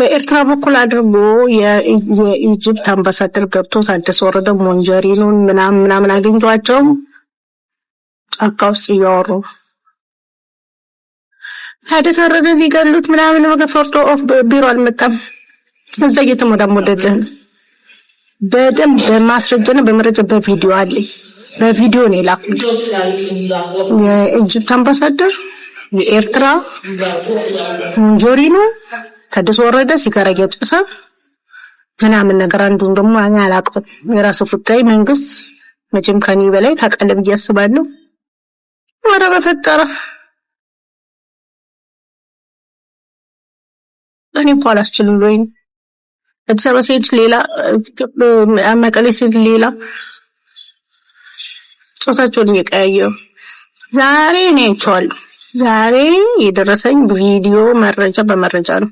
በኤርትራ በኩል ደግሞ የኢጅፕት አምባሳደር ገብቶ ታደሰ ወረደ ሞንጀሪኑን ምናምን ምናምን አግኝቷቸውም ጫካ ውስጥ እያወሩ ታደሰ ወረደ ሊገሉት ምናምን ወገ ፈርቶ ኦፍ ቢሮ አልመጣም። እዛ እየተሞዳሞደልህ ነው። በደንብ በማስረጃና በመረጃ በቪዲዮ አለ። በቪዲዮ ነው የላኩት የኢጅፕት አምባሳደር የኤርትራ ሞንጆሪኖ ተድሶ ወረደ ሲጋራ እያጨሰ ምናምን ነገር አንዱን ደግሞ አላቅም። የራሱ ጉዳይ መንግስት መቼም ከኔ በላይ ታውቃለህ ብዬ አስባለሁ። ወረ በፈጠረ እኔ እኮ አላስችልም ብሎኝ አዲስ አበባ ስሄድ ሌላ፣ መቀሌ ስሄድ ሌላ ጾታቸውን እየቀያየሩ ዛሬ እኔ አይቼዋለሁ። ዛሬ የደረሰኝ ቪዲዮ መረጃ በመረጃ ነው።